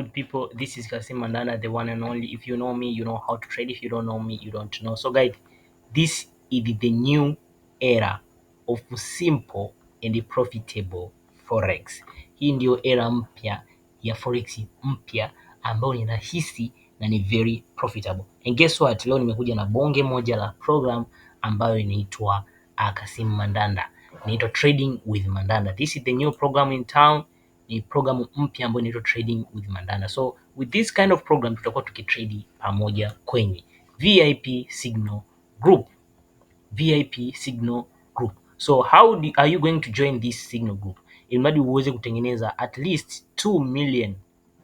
good people this is Kasim Mandana the one and only if you know me you know how to trade if you don't know me you don't know so guys this is the new era of simple and profitable forex hii ndiyo era mpya ya forex mpya ambayo ni rahisi na ni very profitable and guess what leo nimekuja na bonge moja la program ambayo inaitwa uh, Kasim Mandanda inaitwa trading with Mandanda this is the new program in town ni programu mpya ambayo inaitwa Trading with Mandana. So with this kind of program tutakuwa tukitrade pamoja kwenye VIP Signal Group. VIP Signal Group. So how do, are you going to join this Signal Group? Ilimradi uweze kutengeneza at least 2 million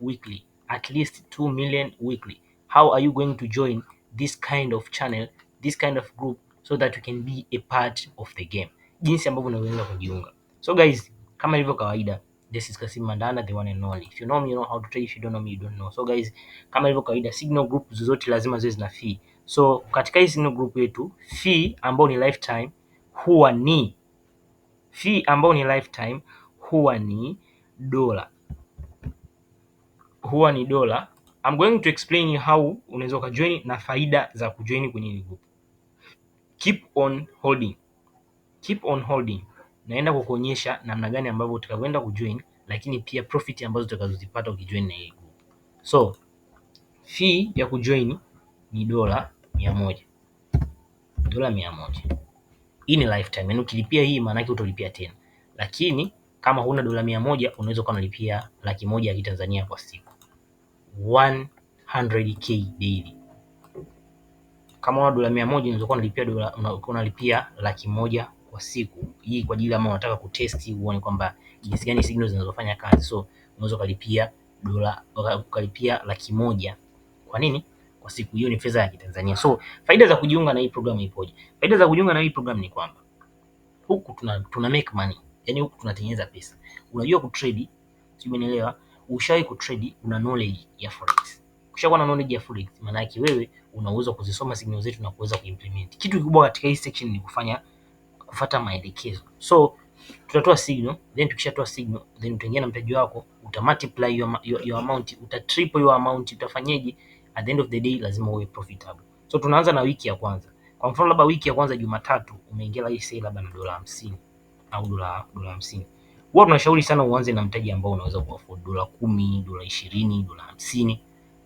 weekly, at least 2 million weekly. How are you going to join this kind of channel, this kind of group so that you can be a part of the game? Jinsi ambavyo unaweza kujiunga. So guys, kama ilivyo kawaida This is Kasim Mandana, the one and only. If you know me, you know how to trade. If you don't know me, you don't know. So guys, kama ilivyo kawaida, signal group zozote lazima ziwe zina fee. So katika hii signal group yetu, fee ambayo ni lifetime huwa ni fee ambayo ni lifetime huwa ni dola huwa ni dola. I'm going to explain you how unaweza ukajoin na faida za kujoin kwenye hii group. Keep on holding. Keep on holding naenda kukuonyesha namna gani ambavyo utakavyoenda kujoin, lakini pia profit ambazo utakazozipata ukijoin na hii group. So fee ya kujoin ni dola mia moja dola mia moja Hii ni lifetime, yaani ukilipia hii maana yake utalipia tena, lakini kama huna dola mia moja unaweza ukawa unalipia laki moja ya Kitanzania kwa siku 100k daily. Kama una dola mia moja unaweza kuwa unalipia dola unalipia laki moja kwa siku hii, kwa ajili ama unataka kutesti uone kwamba jinsi gani signal zinazofanya kazi. So unaweza ukalipia dola ukalipia laki moja kwa nini kwa siku hiyo, ni fedha ya Kitanzania. So faida za kujiunga na hii program ipoje? Faida za kujiunga na hii program ni kwamba huku tuna, tuna make money, yani huku tunatengeneza pesa. Unajua kutrade, sijui umeelewa? Ushawahi ku trade, una knowledge ya forex. Ukishakuwa na knowledge ya forex, maana yake wewe una uwezo kuzisoma signal zetu na kuweza kuimplement. Kitu kikubwa katika hii section ni kufanya kufuata maelekezo. So tutatoa signal, then tukishatoa signal, then utaingia na mtaji wako, uta multiply your, your, your amount, uta triple your amount, utafanyaje? At the end of the day lazima uwe profitable. So tunaanza na wiki ya kwanza. Kwa mfano labda wiki ya kwanza Jumatatu umeingia hii sale labda na dola 50 au dola dola 50. Huwa tunashauri sana uanze na mtaji ambao unaweza ku afford dola 10, dola 20, dola 50.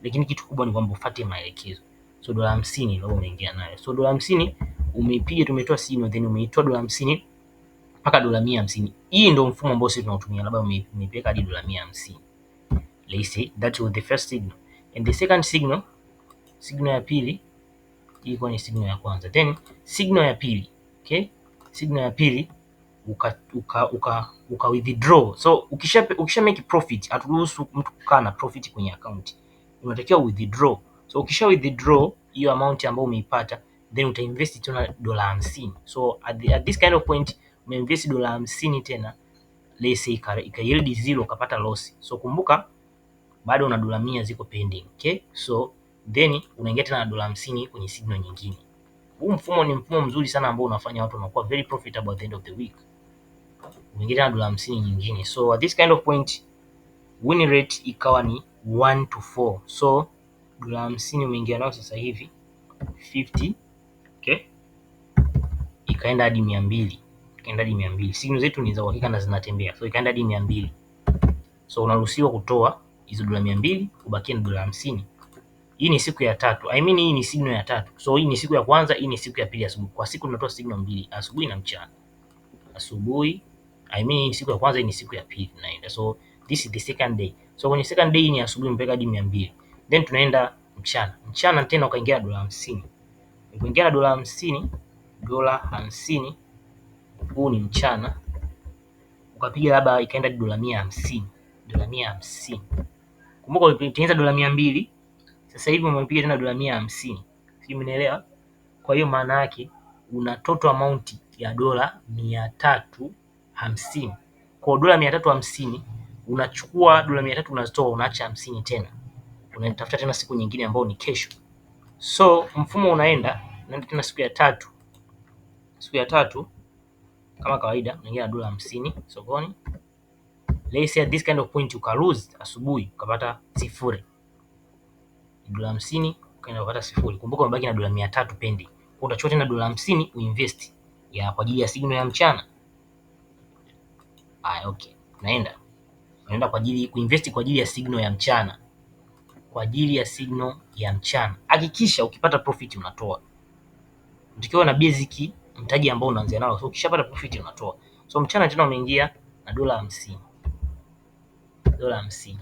Lakini kitu kubwa ni kwamba ufuate maelekezo. So dola 50 ndio umeingia nayo. So dola 50 umeipiga tumetoa simu then umeitoa dola hamsini mpaka dola mia hamsini. Hii ndio mfumo ambao sisi tunautumia, labda umeipeleka hadi dola mia hamsini. Let's say that was the first signal and the second signal. Signal ya pili ilikuwa ni signal ya kwanza, then signal ya pili okay, signal ya pili uka uka uka, uka withdraw. So ukisha ukisha make profit, aturuhusu mtu kukaa na profit kwenye account, unatakiwa withdraw. So ukisha withdraw hiyo amount ambayo umeipata then utainvest tena dola hamsini. So at, the, at this kind of point umeinvest dola hamsini tena lese say ika yield zero ukapata loss. So kumbuka bado una dola mia ziko pending. Okay? So then unaingia tena na dola hamsini kwenye signal nyingine. Huu mfumo ni mfumo mzuri sana ambao unafanya watu wanakuwa very profitable at the end of the week. Unaingia tena na dola hamsini nyingine. So at this kind of point win rate ikawa ni 1 to 4. So dola hamsini umeingia nayo sasa hivi 50 okay. ikaenda hadi mia mbili ikaenda hadi mia mbili Simu zetu ni za uhakika na zinatembea, so ikaenda hadi mia mbili So unaruhusiwa kutoa hizo dola mia mbili ubakie na dola hamsini Hii ni siku ya tatu, I mean hii ni signal ya tatu. So hii ni siku ya kwanza, hii ni siku ya pili asubuhi. Kwa siku tunatoa signal mbili, asubuhi na mchana. Asubuhi I mean hii siku ya kwanza, hii ni siku ya pili naenda. So this is the second day. So kwenye second day ni asubuhi mpaka hadi mia mbili then tunaenda mchana. Mchana tena ukaingia dola hamsini kuingia na dola hamsini, dola hamsini huu ni mchana, ukapiga labda ikaenda dola mia hamsini, dola mia hamsini. Kumbuka ulitengeneza dola mia mbili, sasa hivi umepiga tena dola mia hamsini, si mnaelewa Kwa hiyo maana yake una total amount ya dola mia tatu hamsini. Kwa dola mia tatu hamsini unachukua dola mia tatu unazitoa unaacha hamsini tena, unatafuta tena siku nyingine ambayo ni kesho. So mfumo unaenda na tuna siku ya tatu, siku ya tatu kama kawaida unaingia na dola hamsini sokoni. Let's say at this kind of point uka lose asubuhi ukapata sifuri, dola hamsini ukaenda ukapata sifuri. Kumbuka umebaki na dola mia tatu pending, kwa utachukua tena dola hamsini uinvest ya kwa ajili ya signal ya mchana. Ah, okay, unaenda unaenda kwa ajili kuinvest kwa ajili ya signal ya mchana kwa ajili ya signal ya mchana. Hakikisha ukipata profit unatoa. Ukiwa na basic mtaji ambao unaanzia nao, so ukishapata profit unatoa. So mchana tena umeingia na dola 50. dola 50.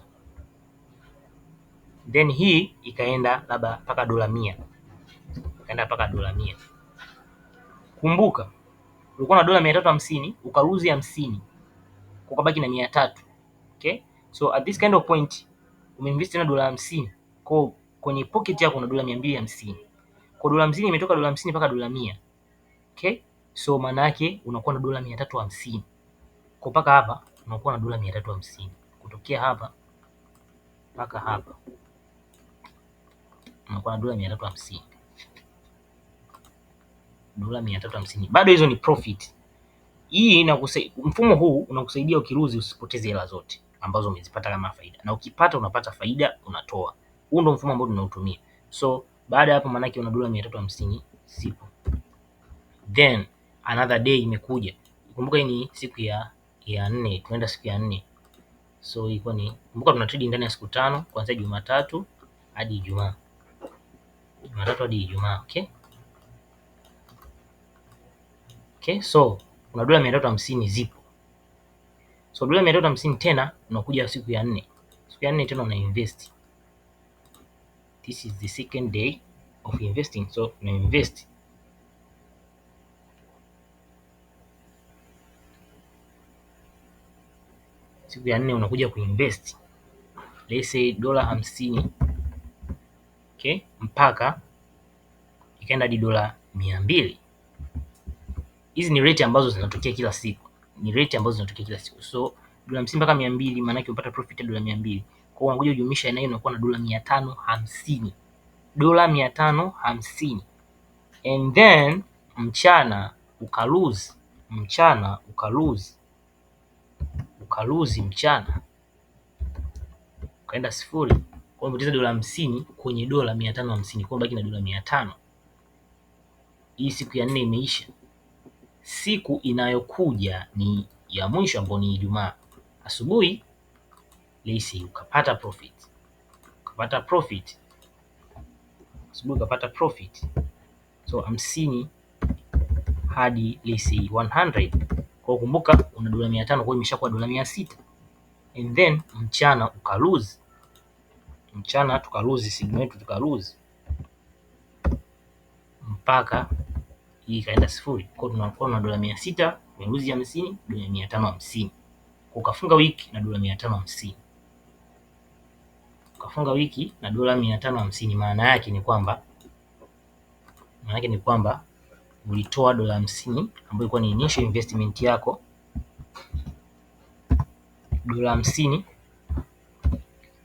then hii ikaenda labda mpaka dola 100. ikaenda mpaka dola 100. Kumbuka ulikuwa na dola 350 ukaruzi 50 kukabaki na 300. Okay, so at this kind of point umeinvest na dola hamsini kwa kwenye pocket yako una dola mia mbili hamsini kwa dola hamsini imetoka dola hamsini mpaka dola mia okay? So maana yake unakuwa na dola mia tatu hamsini kwa mpaka hapa unakuwa na dola mia tatu hamsini kutokea hapa mpaka hapa unakuwa na dola mia tatu hamsini dola mia tatu hamsini bado hizo ni profit. Hii inakusaidia mfumo huu unakusaidia ukiruzi usipoteze hela zote ambazo umezipata kama faida, na ukipata unapata faida unatoa. Huu ndio mfumo ambao tunautumia. So baada ya hapo, maanake una dola mia tatu hamsini sipo. Then another day imekuja, kumbuka hii ni siku ya ya nne, tunaenda siku ya nne. So ilikuwa ni kumbuka, tuna trade ndani ya siku tano kuanzia Jumatatu hadi Ijumaa, Jumatatu hadi Ijumaa. Okay, okay, so una dola mia tatu hamsini zipo So dola mia tatu hamsini tena unakuja siku ya nne, siku ya nne tena una invest. This is the second day of investing, so una invest siku ya nne unakuja kuinvest let's say dola hamsini okay, mpaka ikaenda hadi dola mia mbili. Hizi ni rate ambazo zinatokea kila siku ni rate ambazo zinatokea kila siku. So dola hamsini mpaka mia mbili maana yake unapata profit ya dola mia mbili kwa hiyo unakuja ujumlisha na hiyo unakuwa na dola mia tano hamsini dola mia tano hamsini and then mchana ukaluzi mchana ukaluzi ukaluzi mchana ukaenda sifuri, kwa hiyo umepoteza dola hamsini kwenye dola mia tano hamsini kwa hiyo baki na dola mia tano. Hii siku ya nne imeisha siku inayokuja ni ya mwisho ambayo ni Ijumaa. Asubuhi lisi ukapata profit. Ukapata profit. Asubuhi ukapata profit. So hamsini hadi lisi 100. Kwa kumbuka una dola 500 kwa hiyo imeshakuwa dola 600. And then mchana ukalose. Mchana tukaluzi signal yetu tukalose mpaka hii ikaenda sifuri. Kwa tunakuwa na dola mia sita miruzi hamsini dola mia tano hamsini ukafunga wiki na dola mia tano hamsini ukafunga wiki na dola mia tano hamsini Maana yake ni kwamba maana yake ni kwamba ulitoa dola hamsini ambayo ilikuwa ni initial investment yako, dola hamsini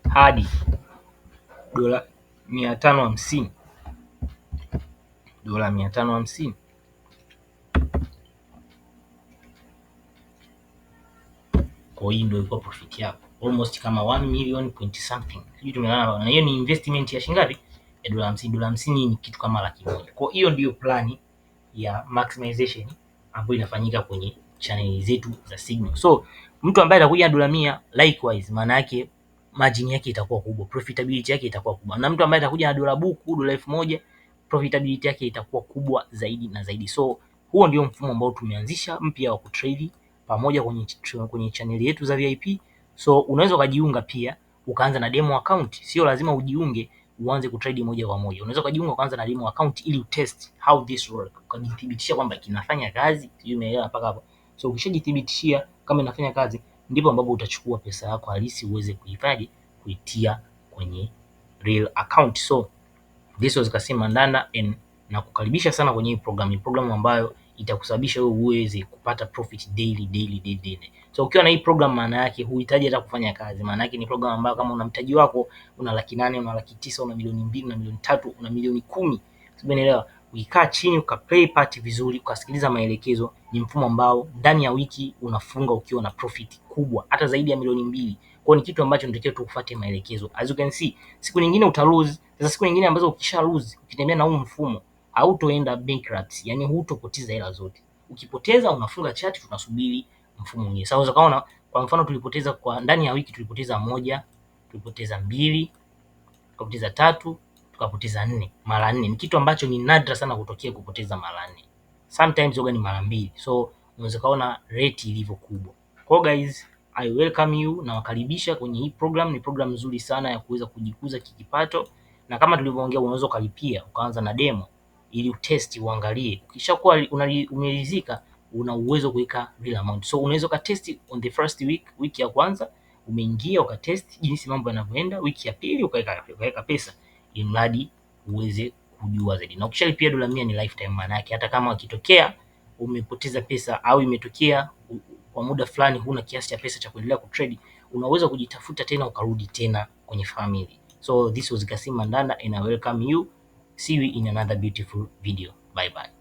hadi dola mia tano hamsini dola mia tano hamsini Kwa hii ndio ilikuwa profit yako almost kama 1 million point something, sijui tumeelewana. Na hiyo ni investment ya shingapi? Ya dola 50. Dola 50 ni kitu kama laki moja. Kwa hiyo ndio plan ya maximization ambayo inafanyika kwenye channel zetu za Signal. So mtu ambaye atakuja dola 100 likewise maana yake margin yake itakuwa kubwa, profitability yake itakuwa kubwa. Na mtu ambaye atakuja na dola buku, dola 1000, profitability yake itakuwa kubwa zaidi na zaidi. So huo ndio mfumo ambao tumeanzisha mpya wa kutrade pamoja kwenye, kwenye chaneli yetu za VIP. So unaweza ukajiunga pia ukaanza na demo account, sio lazima ujiunge uanze kutrade moja kwa moja. Unaweza ukajiunga kwanza na demo account ili utest how this work, ukajithibitishia kwamba kinafanya kazi. Sijui umeelewa mpaka hapo? So ukishajithibitishia kama inafanya kazi, ndipo ambapo utachukua pesa yako halisi uweze kuhifadhi kuitia kwenye real account. So this was Kassim Mandanda and nakukaribisha sana kwenye hii program, programu ambayo itakusababisha wewe uweze kupata profit daily daily daily daily. So ukiwa na hii program, maana yake huhitaji hata kufanya kazi. Maana yake ni program ambayo kama una mtaji wako una laki nane, una laki tisa, una milioni mbili, una milioni tatu, una milioni kumi, unaelewa, ukikaa chini play part vizuri, ukasikiliza maelekezo, ni mfumo ambao ndani ya wiki unafunga ukiwa na profit kubwa hata zaidi ya milioni mbili. Kwa ni kitu ambacho natakiwa tu kufuate maelekezo. As you can see, siku nyingine uta lose. Sasa siku nyingine ambazo ukisha lose, ukitembea na huu mfumo hautoenda bankrupt, yani hutopoteza hela zote. Ukipoteza unafunga chati, tunasubiri mfumo mwingine. Sasa unaweza kaona, kwa mfano tulipoteza kwa ndani ya wiki tulipoteza moja, tulipoteza mbili, tukapoteza tatu, tukapoteza nne, mara nne. Ni kitu ambacho ni nadra sana kutokea kupoteza mara nne, sometimes yoga ni mara mbili, so unaweza kaona rate ilivyo kubwa. Kwa guys, I welcome you na wakaribisha kwenye hii program. Ni program nzuri sana ya kuweza kujikuza kikipato, na kama tulivyoongea, unaweza ukalipia ukaanza na demo ili utesti uangalie. Ukishakuwa umeridhika, una uwezo kuweka bila amount. So unaweza ukatesti on the first week, wiki ya kwanza umeingia ukatesti jinsi mambo yanavyoenda, wiki ya pili ukaweka pesa, ili mradi uweze kujua zaidi. Na ukishalipia dola mia ni lifetime, maana yake hata kama akitokea umepoteza pesa au imetokea kwa muda fulani huna kiasi cha pesa cha kuendelea kutrade, unaweza kujitafuta tena ukarudi tena kwenye family. So this was Kassim Mandanda and I welcome you. See you in another beautiful video. Bye bye.